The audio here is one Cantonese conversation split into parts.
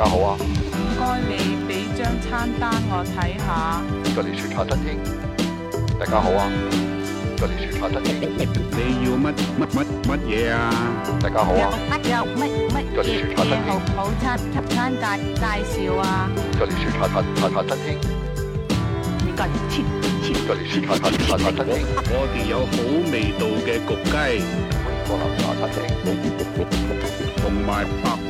大家好啊！唔該，你俾張餐單我睇下。格力雪塔餐廳，大家好啊！格力雪塔餐廳，你要乜乜乜乜嘢啊？大家好啊！乜有乜乜嘢？好套餐，套餐大介紹啊！格力雪塔塔塔餐廳，近切切。格力雪塔餐廳，我哋有好味道嘅焗雞，威哥南下餐廳，同埋。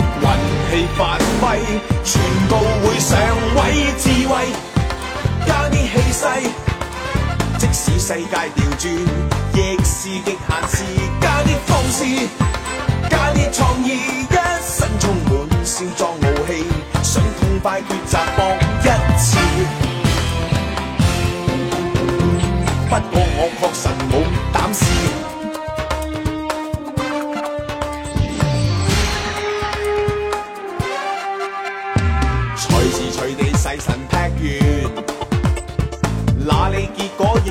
運氣發揮，全部會上位，智慧加啲氣勢，即使世界調轉，亦是極限事。加啲方式，加啲創意，一身充滿少壯傲氣，想痛快抉擇搏一次。 不過我確實冇。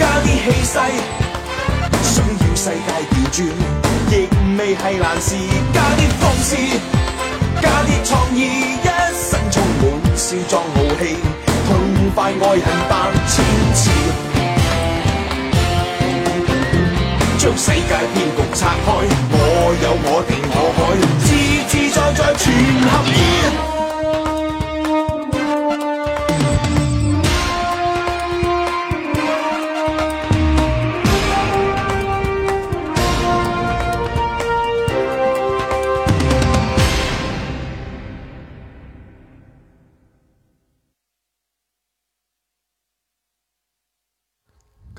加啲氣勢，需要世界調轉，亦未係難事。加啲放肆，加啲創意，一生充滿少壯豪氣，痛快愛恨百千次，將世界騙局拆開，我有我定我海，自自在在全合意。